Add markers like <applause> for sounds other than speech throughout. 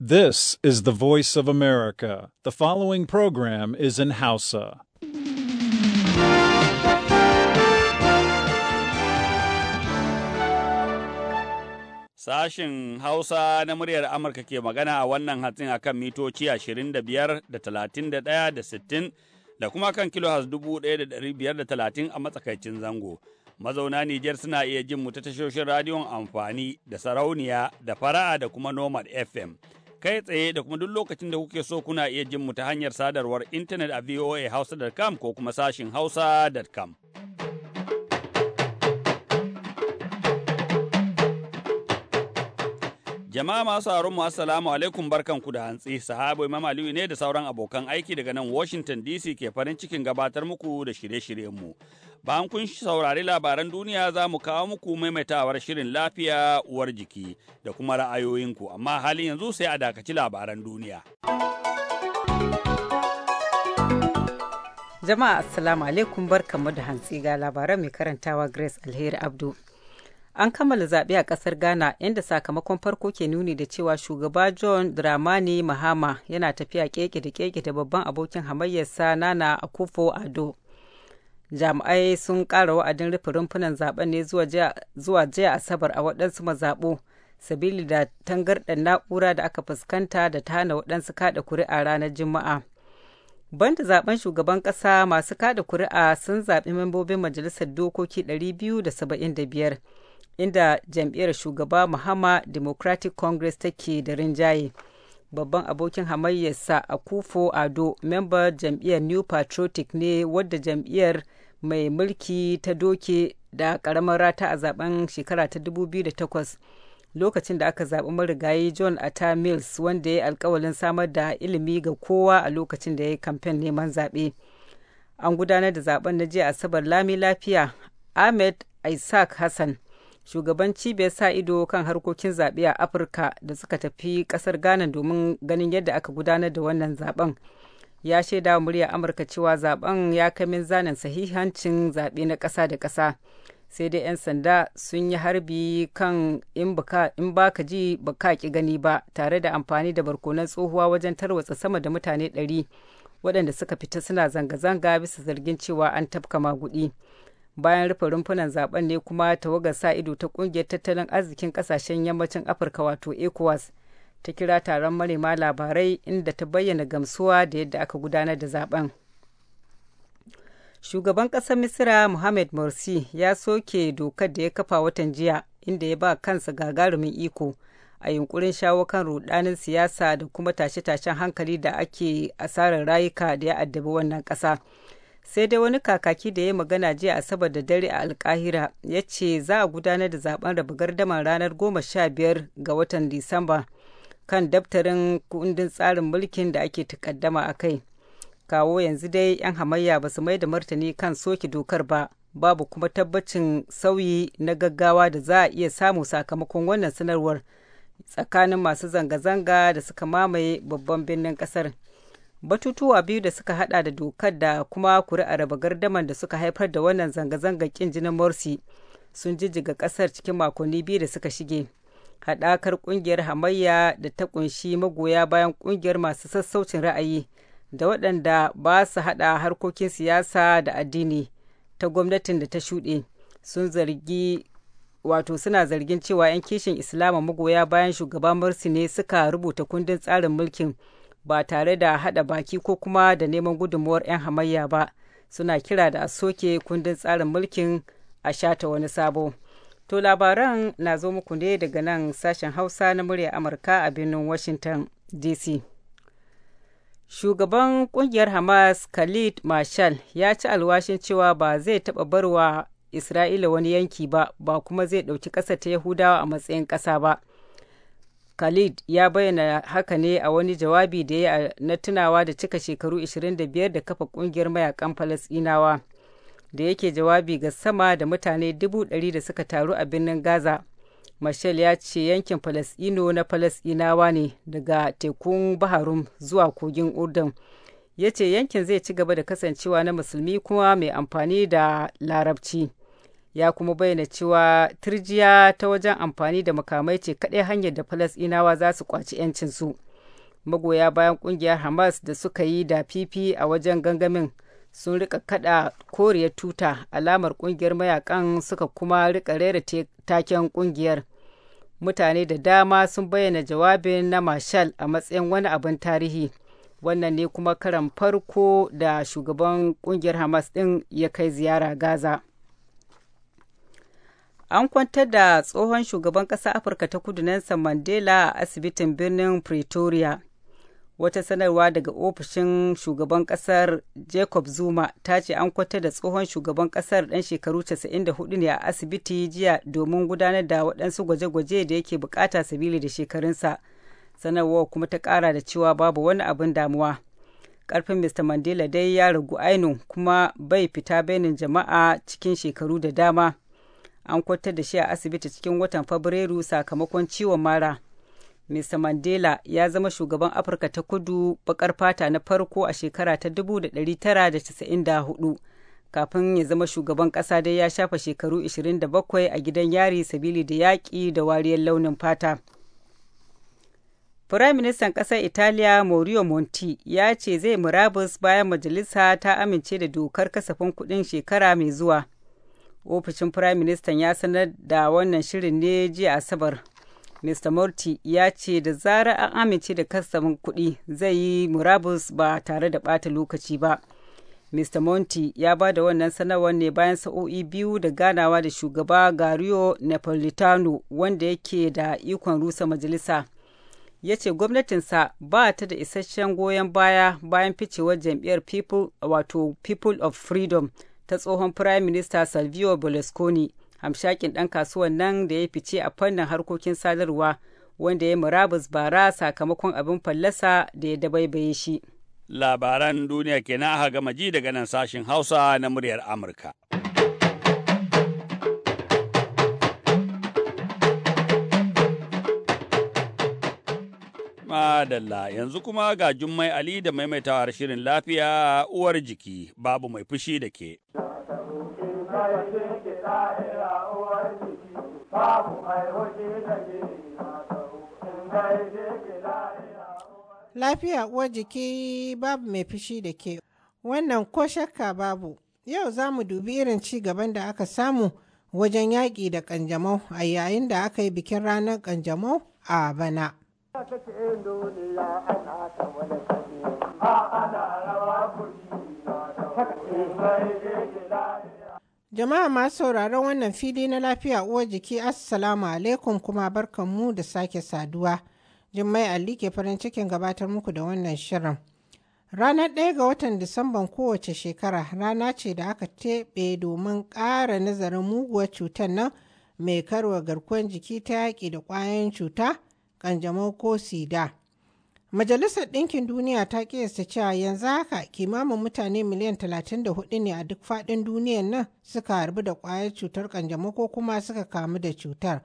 This is the voice of America. The following program is in Hausa. Sashin Hausa na muryar Amurka ke magana a wannan hatsin akan mitoci 25 da 31 da 60 da kuma kan kilohaz 1530 a matsakaicin zango. mazauna Nijar suna iya jin mu ta tashoshin radiyon amfani da sarauniya da fara'a da kuma Nomad FM. kai tsaye da kuma duk lokacin da kuke so kuna iya jin mu ta hanyar sadarwar intanet a voahausa.com ko kuma sashin hausa.com. Jama'a masu haron mu assalamu alaikum barkan ku da hantsi sahabo Imam Aliyu ne da sauran abokan aiki daga nan Washington DC ke farin cikin gabatar muku da shirye-shiryen mu. Bayan kun saurari labaran duniya za mu kawo muku maimaitawar shirin lafiya uwar jiki da kuma ra'ayoyinku, amma halin yanzu sai a dakaci labaran duniya. Jama'a Assalamu alaikum barkamu da hantsi ga labaran mai karantawa Grace Alheri Abdu. An kammala zaɓe a ƙasar Ghana inda sakamakon farko ke nuni da cewa shugaba John Dramani Mahama yana tafiya keke da keke da babban abokin hamayyarsa Nana akufo ado. jami'ai sun kara wa'adin rufe rumfunan zaben ne zuwa jiya asabar a waɗansu mazaɓo sabili da tangarɗar na'ura da aka fuskanta da ta hana waɗansu kaɗa kuri'a ranar juma'a banda zaben shugaban ƙasa masu kaɗa kuri'a sun zaɓi membobin majalisar dokoki biyu da da saba'in biyar inda jam'iyyar shugaba muhammad democratic congress take da rinjaye babban abokin hamayyarsa a kufo ado memba jam'iyyar new patriotic ne wadda jam'iyyar mai mulki ta doke da karamar rata a zaben shekara ta 2008 lokacin da aka zaɓi marigayi john atta mills wanda ya yi alkawalin samar da ilimi ga kowa a lokacin da ya yi kamfen neman zaɓe an gudanar da zaben na jiya asabar lami lafiya ahmed isaac hassan shugaban cibiyar sa ido kan harkokin zaɓe a afirka da suka tafi ƙasar ghana domin ganin yadda aka gudanar da wannan zaben ya shaida wa murya amurka cewa zaben ya kai zanen sahihancin zaɓe na ƙasa da ƙasa sai dai 'yan sanda sun yi harbi kan in ba ka ji ba ka ki gani ba tare da amfani da barkonan tsohuwa wajen tarwatsa sama da mutane 100 waɗanda suka fita suna zanga-zanga bisa zargin cewa an tafka maguɗi bayan rufe rumfunan zaben ne kuma tawagar sa ido ta ƙungiyar tattalin arzikin ƙasashen yammacin afirka wato ecowas ta kira taron marema labarai inda ta bayyana gamsuwa da yadda aka gudanar da zaben. Shugaban ƙasar Misira Mohamed Morsi ya soke dokar da ya kafa watan jiya inda ya ba kansa gagarumin iko a yunkurin shawo kan rudanin siyasa da kuma tashe-tashen hankali da ake asarar rayuka da ya addabi wannan ƙasa. sai dai wani kakaki da ya magana jiya asabar da dare a alkahira ya ce za a gudanar da zaben raba gardamar ranar goma sha biyar ga watan disamba kan daftarin kundin tsarin mulkin da ake takaddama a kai kawo yanzu dai 'yan hamayya ba su mai da martani kan soke dokar ba babu kuma tabbacin sauyi na gaggawa da za a iya samu sakamakon wannan sanarwar tsakanin masu zanga-zanga da suka mamaye babban birnin kasar batutuwa biyu da suka hada da dokar da kuma kuri'a raba gardamar da suka haifar da wannan zanga zangar kin jinin morsi sun jijjiga kasar cikin makonni biyu da suka shige haɗakar ƙungiyar hamayya da ta ƙunshi magoya bayan ƙungiyar masu sassaucin ra'ayi da waɗanda ba su haɗa harkokin siyasa da addini ta gwamnatin da ta shuɗe sun zargi wato suna zargin cewa 'yan kishin islama magoya bayan shugaban mursi ne suka rubuta kundin tsarin mulkin ba tare da haɗa baki ko kuma da neman gudunmuwar 'yan hamayya ba suna kira da a soke kundin tsarin mulkin a shata wani sabo. To labaran na zo muku ne daga nan sashen Hausa na murya Amurka a birnin Washington DC. Shugaban kungiyar Hamas Khalid Marshall ya ci alwashin cewa ba zai taɓa barwa Isra'ila wani yanki ba, ba kuma zai ɗauki ƙasa ta Yahudawa a matsayin ƙasa ba. Khalid ya bayyana haka ne a wani jawabi da ya na tunawa da cika shekaru 25 da kafa kungiyar mayakan Falasɗinawa. da yake jawabi ga sama da mutane dubu ɗari da suka taru a birnin gaza Mashal ya ce yankin Falasɗino na Falasɗinawa ne daga tekun Baharum zuwa kogin Urdun. Ya ce yankin zai ci gaba da kasancewa na musulmi kuma mai amfani da larabci. Ya kuma bayyana cewa turjiya ta wajen amfani da makamai ce kaɗai hanyar da Falasɗinawa za su kwaci 'yancinsu. Magoya bayan ƙungiyar Hamas da suka yi da fifi a wajen gangamin sun rika kada koriyar tuta alamar kungiyar mayakan suka kuma rika rera taken kungiyar mutane da dama sun bayyana jawabin na marshal a matsayin wani abin tarihi wannan ne kuma karan farko da shugaban kungiyar hamas din ya kai ziyara gaza an kwantar da tsohon shugaban ƙasa afirka ta kudu nelson mandela a asibitin birnin pretoria wata sanarwa daga ofishin shugaban kasar jacob zuma ta ce an kwata da tsohon shugaban kasar dan shekaru 94 ne a asibiti jiya domin gudanar da waɗansu gwaje-gwaje da yake bukata sabili da shekarunsa Sanarwa kuma ta ƙara da cewa babu wani abin damuwa ƙarfin mr mandela dai ya ragu ainun kuma bai fita bainin jama'a cikin shekaru da dama an kwatar da shi a asibiti cikin watan fabrairu sakamakon ciwon mara Mr. Mandela ya zama shugaban Afirka ta kudu bakar fata na farko a shekara ta 1994 kafin ya zama shugaban ƙasa dai ya shafa shekaru 27 a gidan yari sabili da yaƙi da wariyar launin fata. Firaministan ƙasar Italiya Mario Monti ya ce zai murabus bayan majalisa ta amince da dokar kasafin kuɗin shekara mai zuwa. Ofishin Firaministan ya sanar da wannan shirin ne jiya Asabar Mr. Morty ya ce da zarar an amince da kastamin kuɗi zai yi murabus ba tare da ɓata lokaci ba. Mr. Monti ya ba da wannan sanarwar ne bayan sa'o'i biyu da ganawa da shugaba Gario Napolitano wanda yake da ikon rusa majalisa. Ya ce gwamnatinsa ba ta da isasshen goyon baya bayan ficewar jam'iyyar People wato People of Freedom ta tsohon Prime Minister Salvio Berlusconi hamshakin ɗan kasuwan nan da ya fice a fannin harkokin sadarwa wanda ya murabus bara sakamakon abin fallasa da ya dabaibaye shi. Labaran duniya na aka gama ji daga nan sashin Hausa na muryar Amurka. Madalla yanzu kuma ga Jummai Ali da maimaitawar shirin lafiya uwar jiki babu mai fushi da ke. lahira uwar jiki babu mai hoji da gini masau in Lafiya uwar jiki babu mai fushi da ke wannan ko shakka babu yau za mu dubi irin ci gaban da aka samu wajen yaƙi da ƙanjamau a yayin da aka yi bikin ranar ƙanjamau a bana. ana rawa Jama'a masu sauraron wannan fili na lafiya uwar jiki Assalamu alaikum kuma barkanmu da sake saduwa. Jummai Ali ke farin cikin gabatar muku da wannan shirin. Ranar ɗaya ga watan Disamban kowace shekara rana ce da aka teɓe domin ƙara nazarin muguwar cutar nan mai karwa garkuwar jiki ta yaƙi da ƙwayoyin cuta, kanjamau ko sida. Majalisar Ɗinkin Duniya ta kiyasta cewa yanzu haka kimanin mutane miliyan 34 ne a duk faɗin duniyar nan suka harbi da ƙwayar cutar ƙanjamau ko kuma suka kamu da cutar.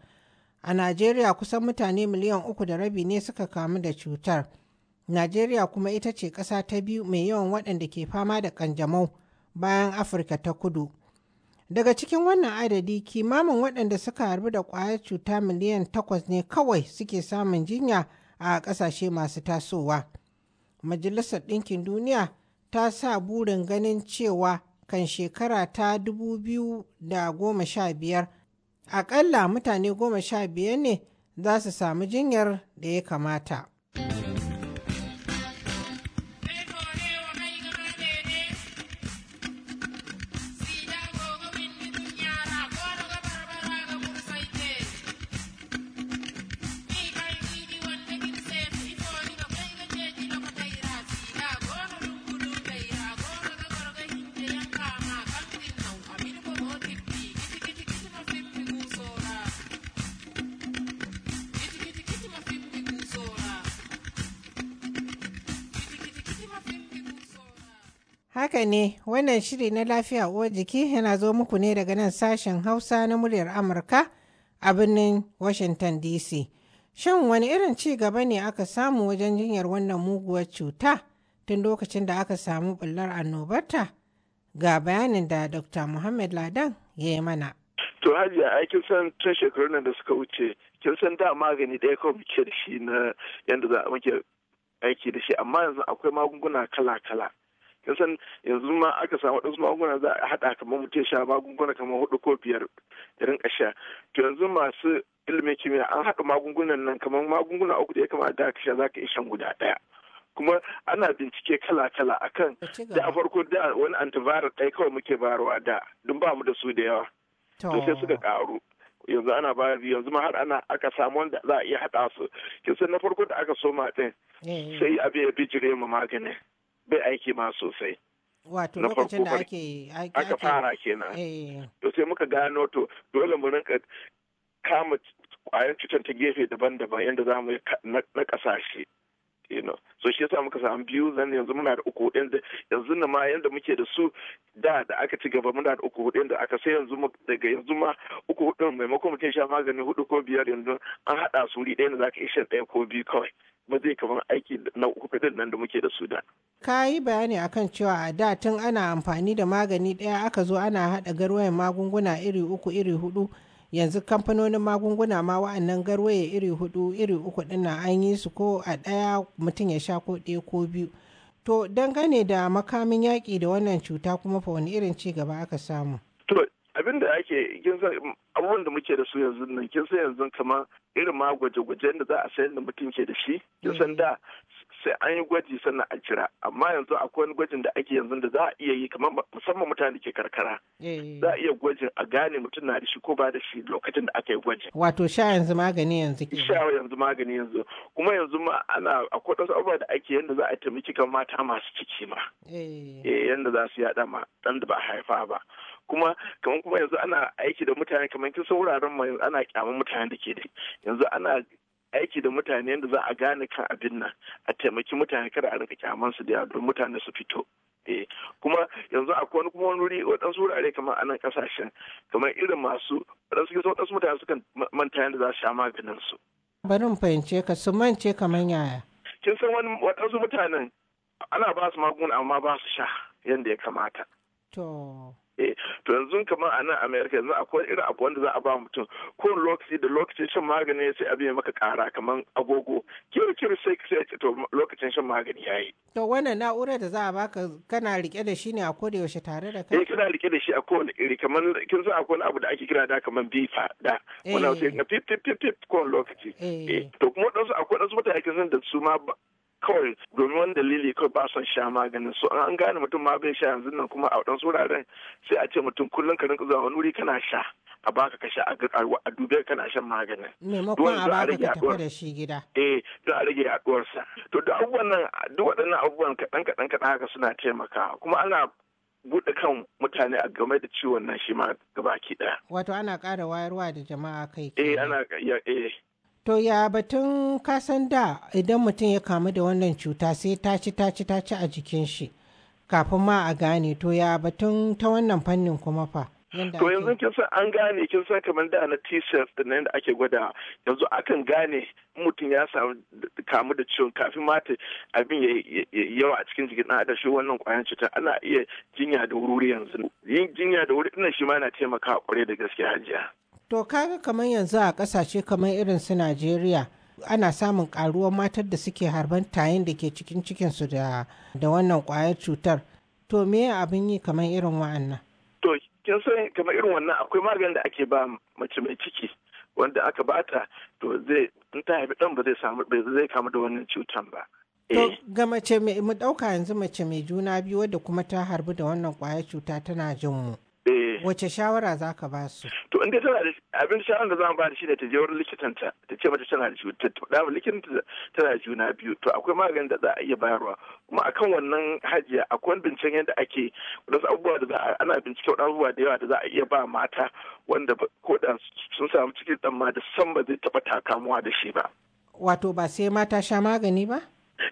A Najeriya kusan mutane miliyan uku da rabi ne suka kamu da cutar. Najeriya kuma ita ce ƙasa ta biyu mai yawan waɗanda ke fama da kanjamau bayan Afirka ta kudu. Daga cikin wannan adadi kimamin waɗanda suka harbi da ƙwayar cuta miliyan takwas ne kawai suke samun jinya a ƙasashe masu tasowa. Majalisar Ɗinkin Duniya ta sa burin ganin cewa kan shekara ta 2015 aƙalla mutane 15 ne za su samu jinyar da ya kamata. Haka ne, wannan shiri na lafiya uwar jiki yana zo muku ne daga nan sashen Hausa na muryar Amurka a birnin Washington DC. Shin wani irin ci gaba ne aka samu wajen jinyar wannan muguwar cuta tun lokacin da aka samu bullar annobarta? Ga bayanin da Dr. Muhammad Ladan ya yi mana. To hajiya a kin san tun shekarun nan da suka wuce kin san da magani ɗaya kawai muke da shi na yadda za a muke aiki da shi amma yanzu akwai magunguna kala-kala. kasan yanzu ma aka samu wadansu magunguna za a hada kamar mutum sha magunguna kamar hudu ko biyar da rinka sha to yanzu masu ilimin kimiyya an haɗa magungunan nan kamar magunguna uku da ya kamata da sha za ka iya shan guda ɗaya kuma ana bincike kala-kala akan da a farko da wani antiviral ɗaya kawai muke bayarwa da don ba mu da su da yawa to sai suka ƙaru yanzu ana bayar yanzu ma har ana aka samu wanda za a iya haɗa su kin san na farko da aka soma ɗin eh. sai abin ya bijire mu maganin bai aiki ma sosai wato lokacin da ake aka fara kenan eh. to sai muka gano to dole mu rinka kama kwayan cutar ta gefe daban-daban yadda za mu yi na kasashe so shi yasa muka samu biyu zan yanzu muna da uku hudun yanzu na ma yadda muke da su da da aka ci gaba muna da uku hudun da aka sai yanzu daga yanzu ma uku hudun maimakon mutum sha magani hudu ko biyar yanzu an hada su wuri ɗaya da za iya shan ɗaya ko biyu kawai kuma zai kamar aiki na hudun nan da muke da su da. Ka yi bayani akan cewa a da tun ana amfani da magani ɗaya aka zo ana haɗa garwayen magunguna iri uku iri hudu yanzu kamfanonin magunguna ma wa'annan garwaye iri hudu iri uku dinnan an yi su ko a ɗaya mutum ya sha ko ɗaya ko biyu. To dangane da makamin yaƙi da wannan cuta kuma fa wani irin ci gaba aka samu. To abin ake kin san abubuwan da muke da su yanzu nan kin san yanzu kamar irin ma gwaje gwaje da za a sayar da mutum ke da shi kin san da sai an yi gwaji sannan a jira amma yanzu akwai wani gwajin da ake yanzu da za a iya yi kamar musamman mutane ke karkara eh. za a iya gwajin a gane mutum na da shi ko ba da shi lokacin da aka yi gwajin wato sha yanzu magani yanzu ke sha yanzu magani yanzu kuma yanzu ma ana akwai wasu abubuwa da ake yanda za a taimaki kan mata masu ciki ma eh, eh yanda za su yada ma dan da ba haifa ba kuma kamar kuma yanzu ana aiki da mutane kamar kin san wuraren mai ana kyaman mutane da ke da yanzu ana aiki da mutane yadda za a gane kan abin nan a taimaki mutane kada a rika kyaman su da don mutane su fito eh kuma yanzu akwai wani kuma wani wuri waɗansu wurare kamar anan kasashen kamar irin masu waɗansu kusa waɗansu mutane sukan manta yadda za su sha maganin su. bari mu fahimce ka su mance kamar yaya. kin san wani waɗansu mutanen ana ba su magunguna amma ba su sha yadda ya kamata. to. Eh, to yanzu kamar a nan america yanzu akwai irin abu wanda za a ba mutum ko lokaci da lokacin shan magani sai abin maka kara kamar agogo kiri kiri sai sai to lokacin shan magani yayi to wannan na'urar da za a baka kana rike da shi ne a koda yaushe tare da kai eh kana rike da shi a kowane iri kamar kin san akwai abu da ake kira da kamar bifa da wannan eh. sai na pip pip pip ko lokaci eh. eh to kuma dan akwai dan mutane kin san da su ma kawai domin wani dalili kawai ba son sha maganin su an gane mutum ma bai sha yanzu nan kuma a wadan wuraren sai a ce mutum kullum ka rinka zuwa wani wuri kana sha a baka ka sha a dubiyar kana shan maganin. Maimakon a baka ka tafi da shi gida. Eh don a rage sa To duk abubuwan nan duk waɗannan abubuwan kaɗan kaɗan kaɗan haka suna taimakawa kuma ana buɗe kan mutane a game da ciwon nan shi ma gabaki ɗaya. Wato ana ƙara wayarwa da jama'a kai. Eh ana eh To ya batun kasan da idan mutum ya kamu da wannan cuta sai ta ci ta ci a jikin shi kafin ma a gane to ya batun ta wannan fannin kuma fa. To yanzu kin san an gane kin san kamar da na t shirt da nan da ake gwada yanzu akan gane mutum ya samu kamu da ciwon kafin ma abin ya yawa a cikin jikin da shi wannan kwayan cuta ana iya jinya da wuri yanzu yin jinya da wuri ina shi ma na taimaka kwarai da gaske hajiya. To kaga kamar yanzu a kasashe kamar irin su Najeriya ana samun karuwar matar da suke harban tayin da ke cikin cikinsu da da wannan kwayar cutar. To me abin yi kamar irin wa'annan? To kin san kamar irin wannan akwai maganin da ake ba mace mai ciki wanda aka bata to zai in ta haifi dan ba zai samu ba zai kamu da wannan cutar ba. To eh. ga mace mai mu dauka yanzu mace mai juna biyu wadda kuma ta harbi da wannan kwayar cuta tana jin mu. wace shawara za ka ba su to inda tana da abin shawara da za mu ba da shi da ta je wurin likitanta ta ce mata tana da cuta ta faɗa likitanta tana da juna biyu to akwai maganin da za a iya bayarwa kuma akan wannan hajiya akwai binciken yadda ake wasu abubuwa da za a ana bincike abubuwa da yawa da za a iya ba mata wanda ko da sun samu cikin dan ma da san ba zai taɓa takamuwa da shi ba wato ba sai mata sha magani ba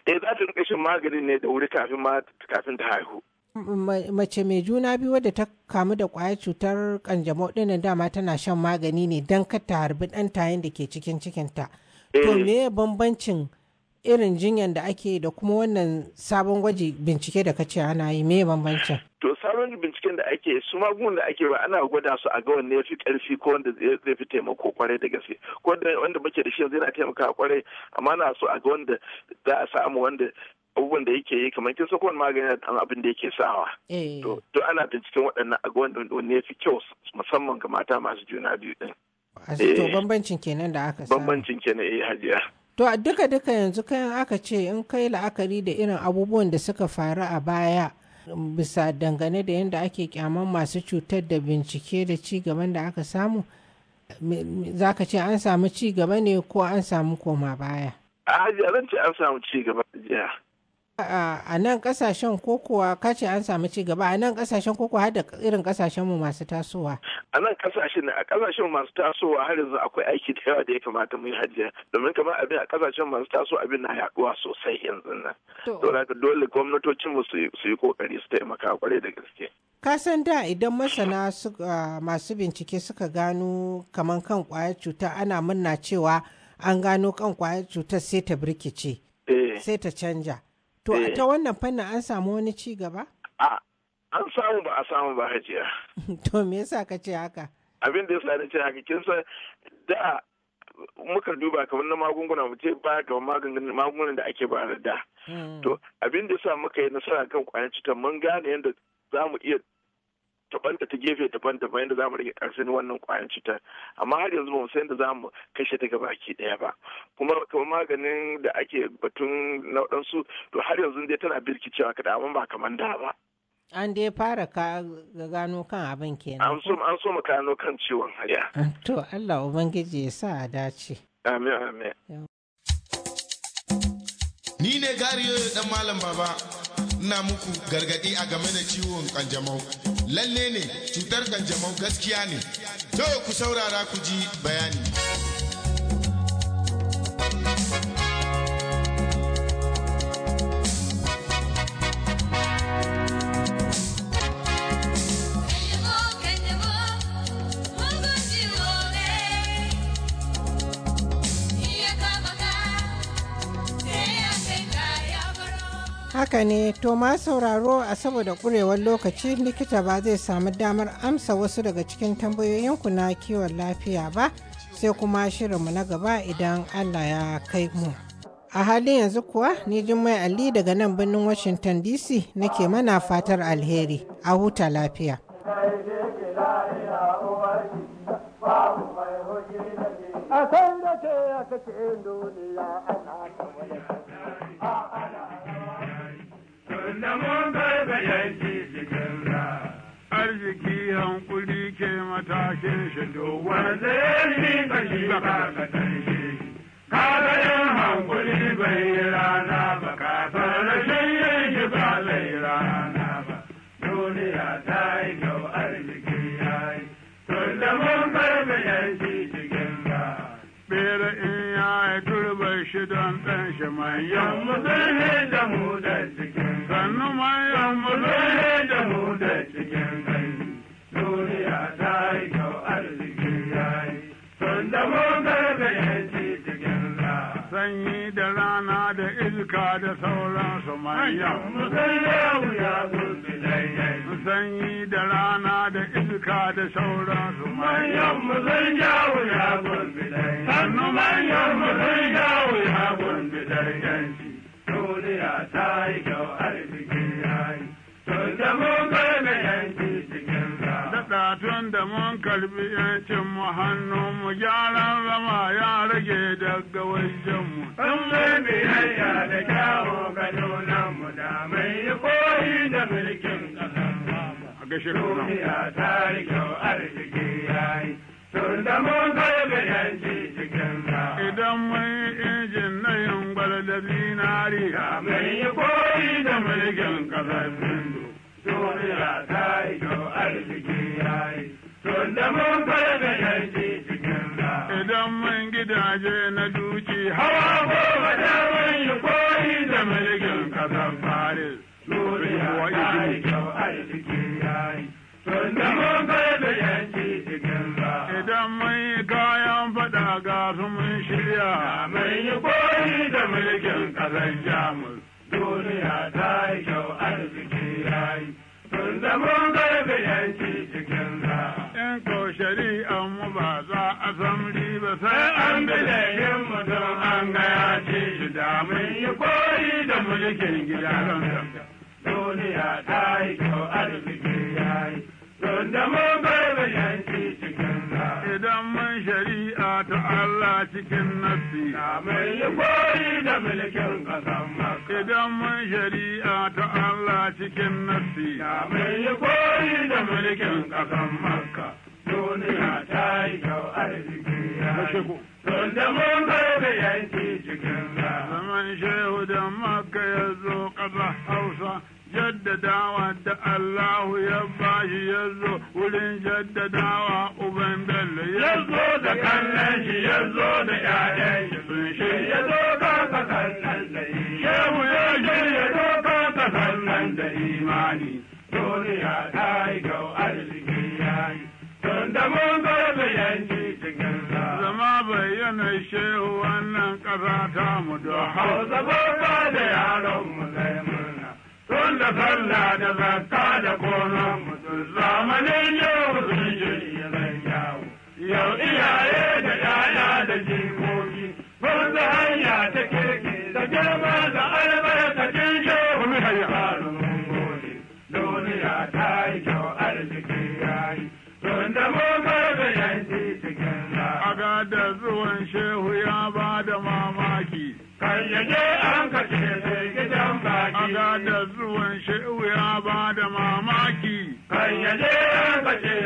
eh za ta shan magani ne da wuri kafin ma kafin ta haihu mace mai juna biyu wadda ta kamu da kwayar cutar kanjamau dinnan dama tana shan magani ne don kar ta harbi dan tayin da ke cikin cikinta. To eh. me bambancin irin jinyar da ake da kuma wannan sabon gwaji bincike da kace ana yi me bambancin? To sabon binciken da ake su magungunan da ake ba ana gwada su a ga wanne ya fi karfi ko wanda zai fi taimako kwarai da gaske ko wanda muke da shi yanzu yana taimaka kwarai amma na so a ga wanda za a samu wanda abubuwan da yake yi kamar kin sakon kowane magani da abin da yake sawa. Eh. To duk ana binciken waɗannan abubuwan da ne fi kyau musamman ga mata masu juna biyu ɗin. To eh. bambancin kenan da aka sa. Bambancin kenan eh hajiya. To a duka duka yanzu kayan aka ce in kai la'akari da irin abubuwan da suka faru a baya bisa dangane da yadda ake kyaman masu cutar da bincike da ci gaban da aka samu za ka ce an samu ci gaba ne ko an samu koma baya. A hajji zan ce an samu ci gaba jiya. a nan kasashen kokowa kace an samu ci gaba a nan kasashen kokowa har da irin kasashen mu masu tasowa a nan kasashen a kasashen masu tasowa har yanzu akwai aiki da yawa da ya kamata mu yi hajiya domin kamar abin a kasashen masu tasowa abin na yaduwa sosai yanzu nan to dole gwamnatocin mu su yi kokari su taimaka kwarai da gaske ka san da idan masana masu bincike suka gano kaman kan kwayar cuta ana murna cewa an gano kan kwayar cutar sai ta birkice eh. sai ta canja To a eh. ta wannan fannin an samu wani ci gaba? a An samu ba a samu ba hajiya. <laughs> To me yasa ka ce haka? Abin da yasa na ce haka kin san da muka duba kamar na magunguna mu ce ba ga magungunan da ake bayar da. Hmm. To abin da yasa muka yi nasara kan kwayar cutar mun gane yadda za mu iya tabanta ta gefe daban-daban yadda zamu mu rage ƙarfin wannan kwayan cutar amma har yanzu ba mu san yadda za kashe ta baki daya ba kuma kamar maganin da ake batun na to har yanzu dai tana birkicewa kada amma ba kamar da ba. An dai fara ka gano kan abin kenan. An so mu gano kan ciwon haya. To Allah Ubangiji ya sa a dace. Amin amin. Ni ne gariyo dan malam baba ina muku gargadi a game da ciwon kanjamau. lalle ne cutar kanjamau gaskiya ne to ku saurara ku ji bayani Haka ne, to ma sauraro a saboda ƙurewar lokaci likita ba zai samu damar amsa wasu daga cikin tambayoyinku na kiwon lafiya ba, sai kuma shirinmu na gaba idan Allah ya kai mu. A halin yanzu kuwa, ni Jummai Ali daga nan birnin Washington DC nake mana fatar alheri, a huta lafiya. A kan da ke duniya ana ta wani da mun karfe yanki cikin ra. Arziki hankuli ke matashin shi dowar zai ka kashi ba ka tashi. Kaga yin hankuli bai yi rana ba ka san rashin yin shi ba zai rana ba. Duniya ta yi kyau arziki ya yi. Tun da mun karfe yanki cikin ra. Bera in ya yi turbar shi don ɗan shi manyan Musulmi ne da mu da cikin sannu mayan mu zai da mu da cikin gani duniya ta yi kyau arzikin yayi sun da mu gargayanci cikin za sanyi da rana da iska da sauran sauransu mayan mu zai da wuya gurbi daidai sanyi da rana da iska da sauransu mayan mu zai da wuya gurbi daidai sannu mayan mu zai da wuya gurbi daidai karbi yancin mu hannu mu gyara zama ya rage daga wajen mu. Sun mai biyayya da kyawo ga nuna mu da mai yi koyi da mulkin ƙasar mu. A gashi rana. Duniya ta yi kyau arziki ya yi. Tun da mun karbi yanci cikin ka. Idan mun yi injin na yin gwal da zinariya. Mai yi koyi da mulkin ƙasar mu. Duniya ta yi kyau arziki ya yi. Tunda mun fara da yanki cikin da. Idan mun gidaje na duki hawa goma da mun yi koyi da mulkin kasar Paris. Duniya ta yi kyau arziki ya yi. Tunda mun fara da yanki cikin da. Idan mun yi kayan faɗa ga su mun shirya. Mun yi koyi da mulkin kasar Jamus. Duniya ta yi kyau arziki ya yi. Mun zama garbe yanki cikin za. In ko shari'an mu ba za a san riba sai an bi laifin mutum an gaya ce shi da mun yi koyi da mulkin gida. Duniya ta yi kyau arziki ya Idan mun shari'a ta Allah cikin nassi. Idan mun shari'a ta Allah cikin nassi. Duniya ta yi kyau arziki ya yi. Tunda mun bai yanki cikin Zaman shehu da maka ya zo ƙasa Hausa. jaddadawa da Allah ya bashi ya zo wurin jaddadawa uban bello ya zo da kallon shi ya zo da ƴaƴan shi sun ya zo kaka kallon da shehu ya shi ya zo kaka kallon da imani duniya ya yi gau arziki ya yi don da mun zo yanci cikin zama bayyana shehu wannan ƙasa ta mu da hau. hausa ba da yaron mu zai sun da sallah da zakka da konon mutum zamanin yau sun yi yawo yau iyaye da yaya da jikoki mun da hanya ta kirki da girma da albarkacin shehu mu hanya duniya ta yi kyau arziki ya yi tun da mu karfe yanki cikin a ga da zuwan shehu ya ba da mamaki kan yaje da zuwan shehu ya ba da mamaki. Kan ya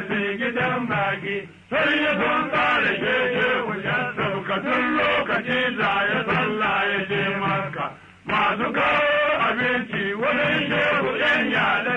su gidan baki, sai ya san kare ke shehu ya lokaci za ya tsalla ya je maka. Masu kawo abinci wani shehu ɗan yada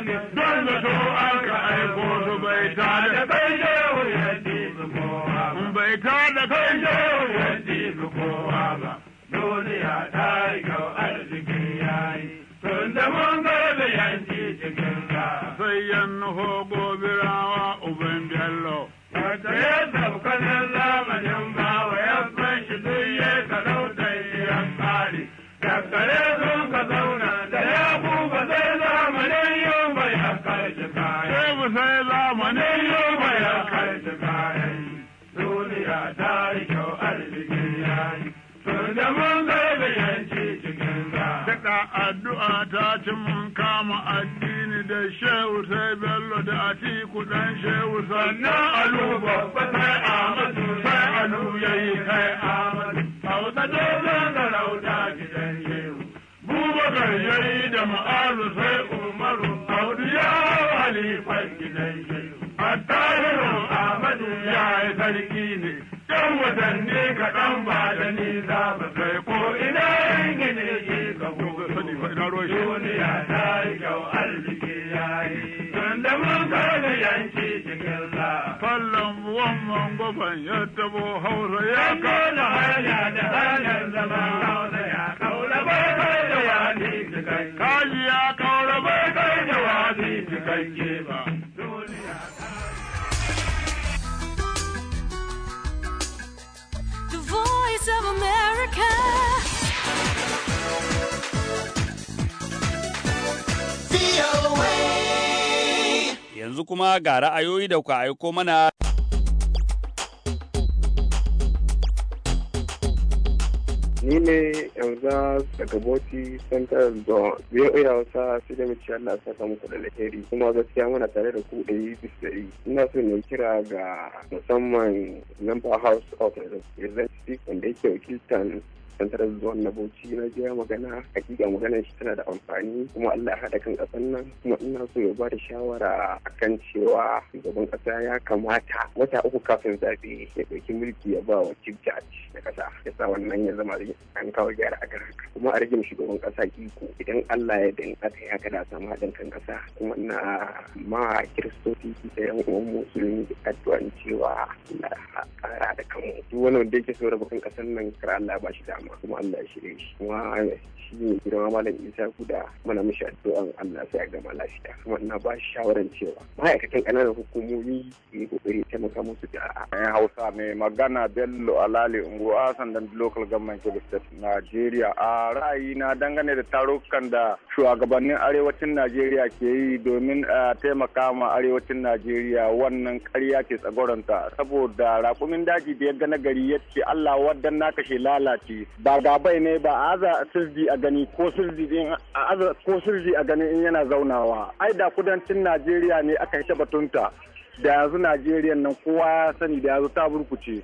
addu'a ta ci mun kama addini da shehu sai bello da atiku dan shehu sannan alu babba sai amadu sai alu yayi kai amadu hausa dogon da rauta gidan shehu bubakar yayi da ma'aru sai umaru audu ya halifan gidan shehu attahiru amadu ya yi sarki ne Yan watanni kaɗan ba da nisa ba sai ko ina yin gini yi ka gudu. Duniya ta yi kyau arziki ya yi. Tunda mun kaga yanki cikin la. Fallon wannan baban ya tabo hausa ya kada hanya da hanyar zama hausa ya kaula bai kai da yanki cikin. Kaji ya yanzu kuma ga ra'ayoyi da ku aiko mana. Ni ne yanzu daga Bauchi Central Zone, biyo iya wasa su da mace Allah saka muku da alheri kuma gaskiya muna tare da ku ɗari bisa ɗari. Ina so ne kira ga musamman member House of Representatives wanda yake wakiltan tattare zuwan na bauchi na je magana hakika magana shi tana da amfani kuma Allah ya haɗa kan ƙasar nan kuma ina so ya bada shawara. shawara akan cewa shugaban ƙasa ya kamata wata uku kafin zaɓe ya ɗauki mulki ya ba wa chief judge na ƙasa ya sa wannan ya zama an kawo gyara a kuma a rage shugaban ƙasa iko idan Allah ya dan aka ya kada sama samu haɗin kan ƙasa kuma ina ma kiristoci da yan uwan musulmi addu'an cewa Allah ƙara da kanmu duk wani wanda yake so rabu kan ƙasar nan kar Allah ya ba shi dama kuma kuma Allah shi ne shi kuma shi ne girma malam Isa guda muna mishi addu'an Allah sai a gama lafiya kuma ina ba shi shawaran cewa ma'aikatan ƙananan hukumomi ne kokari taimaka musu da a Hausa mai magana Bello Alali Unguwa sandan local government of State nigeria a na dangane da tarukan da shugabannin arewacin nigeria ke yi domin taimaka ma arewacin nigeria wannan ƙarya ce tsagoranta saboda raƙumin daji da ya gana gari ya ce Allah wadda na kashe lalace ba gabai ne ba aza sirji a gani ko sirji in aza ko sirji a gani in yana zaunawa ai da kudancin Najeriya ne aka yi ta batunta da yanzu Najeriya nan kowa ya sani da yanzu ta burkuce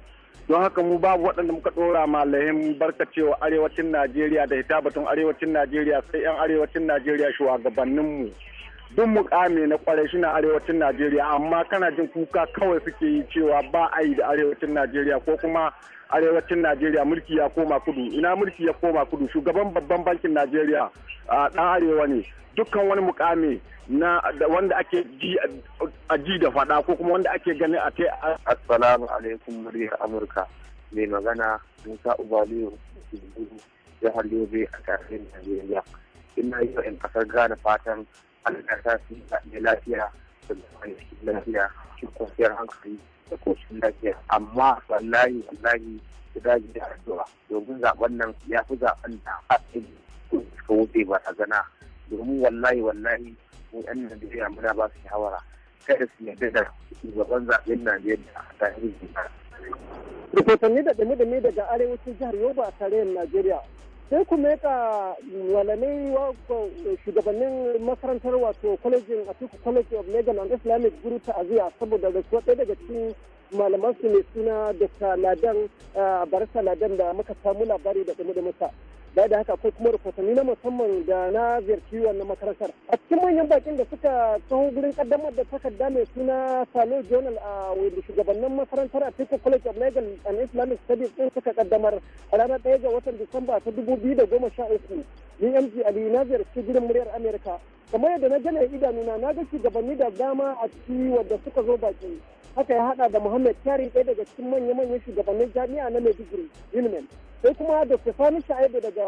don haka mu babu waɗanda muka ɗora malahin barkacewa arewacin Najeriya da hita batun arewacin Najeriya sai 'yan arewacin Najeriya shugabanninmu. mu duk mukami na kwarai shi na arewacin najeriya amma kana jin kuka kawai suke yi cewa ba a yi da arewacin najeriya ko kuma arewacin najeriya mulki ya koma kudu ina mulki ya koma kudu shugaban babban bankin najeriya dan arewa ne dukkan wani mukami na wanda ake ji da fada ko kuma wanda ake ganin a te assalamu alaikum muryar amurka mai magana musa ubaliyo jihar yobe a tarihin najeriya ina yi wa 'yan kasar gane fatan halitta ta su lafiya da cikin lafiya cikin kwanciyar hankali da koshin lafiya amma wallahi wallahi su daji da addu'a domin zaɓen nan ya fi zaɓen da haɗin suka wuce ba a gana domin wallahi wallahi mu yan Najeriya muna ba su shawara kada su yarda da shugaban zaben Najeriya a tarihin Rikitanni da dame-dame daga arewacin jihar Yobe a tarayyar Najeriya sai kuma ya malamai shugabannin makarantar wato kwalejin cikin college of legal and islamic guru ta aziya saboda rasuwa ɗaya daga cikin malamansu ne mai suna dr ladan eh, barista ladan da muka samu labari da kuma da masa baya da haka akwai kuma rahotanni na musamman da na ziyarci wannan makarantar a cikin manyan bakin da suka taho gurin kaddamar da takarda mai suna salo journal a wadda shugabannin makarantar a cikin college of legal and islamic studies din suka kaddamar a ranar ɗaya ga watan disamba ta dubu biyu da goma sha uku mg ali na ziyarci gidan muryar amerika kamar yadda na gane idanuna na ga shugabanni da dama a ciki wadda suka zo baki haka ya hada da muhammad kyari ɗaya daga cikin manya-manyan shugabannin jami'a na maiduguri ilmen sai kuma da sani sha'ibu daga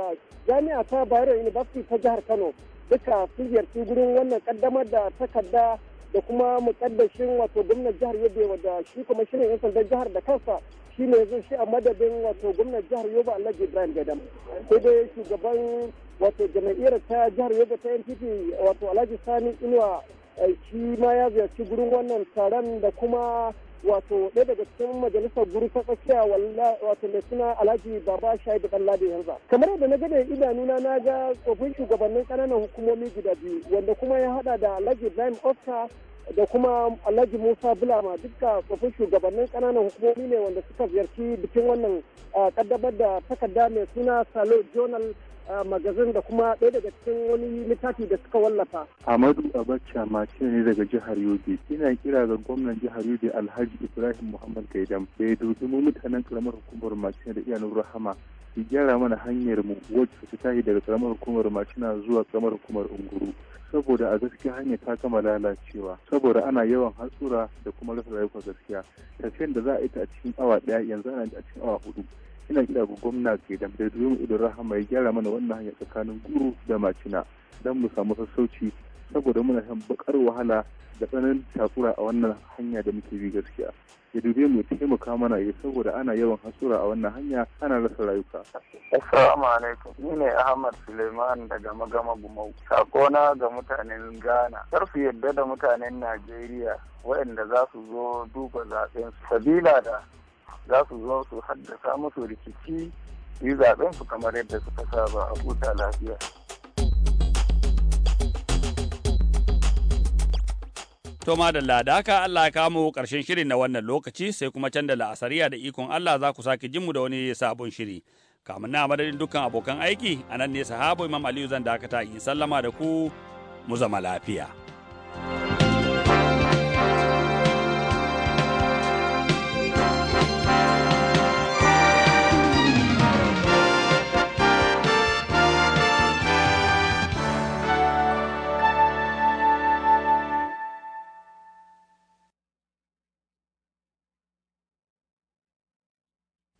jami'a ta bayero university ta jihar kano duka sun ziyarci gurin wannan kaddamar da takarda da kuma mukaddashin wato gwamnan jihar yobe da shi kuma shirin yan sandan jihar da kansa shi ne zai shi a madadin wato gwamnan jihar yobe alhaji ibrahim gadam sai dai shugaban wato jami'ar ta jihar yobe ta npp wato alhaji sani inuwa eh, shi ma ya ziyarci gurin wannan taron da kuma wato ɗaya daga cikin majalisar guri ta tsakiya wato mai suna alhaji baba shahid ɗanladi yanzu kamar yadda na gane idanuna na ga tsofin shugabannin ƙananan hukumomi guda biyu wanda kuma ya haɗa da alhaji ibrahim oscar da kuma alhaji musa bulama duka tsofin shugabannin ƙananan hukumomi ne wanda suka ziyarci bikin wannan ƙaddamar da takarda mai suna salo journal magazin da kuma ɗaya daga cikin wani littafi da suka wallafa. Amadu Abacha mace ne daga jihar Yobe. Ina kira ga gwamnan jihar Yobe Alhaji Ibrahim Muhammad Gaidam da ya dubi mu mutanen karamar hukumar mace da iyanun rahama ki gyara mana hanyar mu wacce ta tashi daga karamar hukumar na zuwa karamar hukumar unguru saboda a gaskiya hanyar ta kama lalacewa saboda ana yawan hatsura da kuma rasa rayuwar gaskiya tafiyan da za a yi ta a cikin awa ɗaya, yanzu ana a cikin awa hudu ina kira ga gwamna ke da domin idan rahama ya gyara mana wannan hanya tsakanin guru da macina don mu samu sassauci saboda muna shan bakar wahala da tsananin takura a wannan hanya da muke bi gaskiya ya dube mu taimaka mana ya saboda ana yawan hasura a wannan hanya ana rasa rayuka. Assalamu alaikum ni ne Ahmad Suleiman daga Magama Gumau. Sakona ga mutanen Ghana kar su yadda da mutanen Najeriya waɗanda za su zo duba zaɓen sabila da za su zo su haddasa musu rikici yi zaɓen su kamar yadda suka saba a huta lafiya. To madalla da haka Allah ya kamo ƙarshen shirin na wannan lokaci sai kuma can da la'asariya da ikon Allah za ku sake jinmu da wani sabon shiri. Kamun na madadin dukkan abokan aiki a nan ne sahabo Imam Aliyu zan dakata in sallama da ku mu zama lafiya. thank you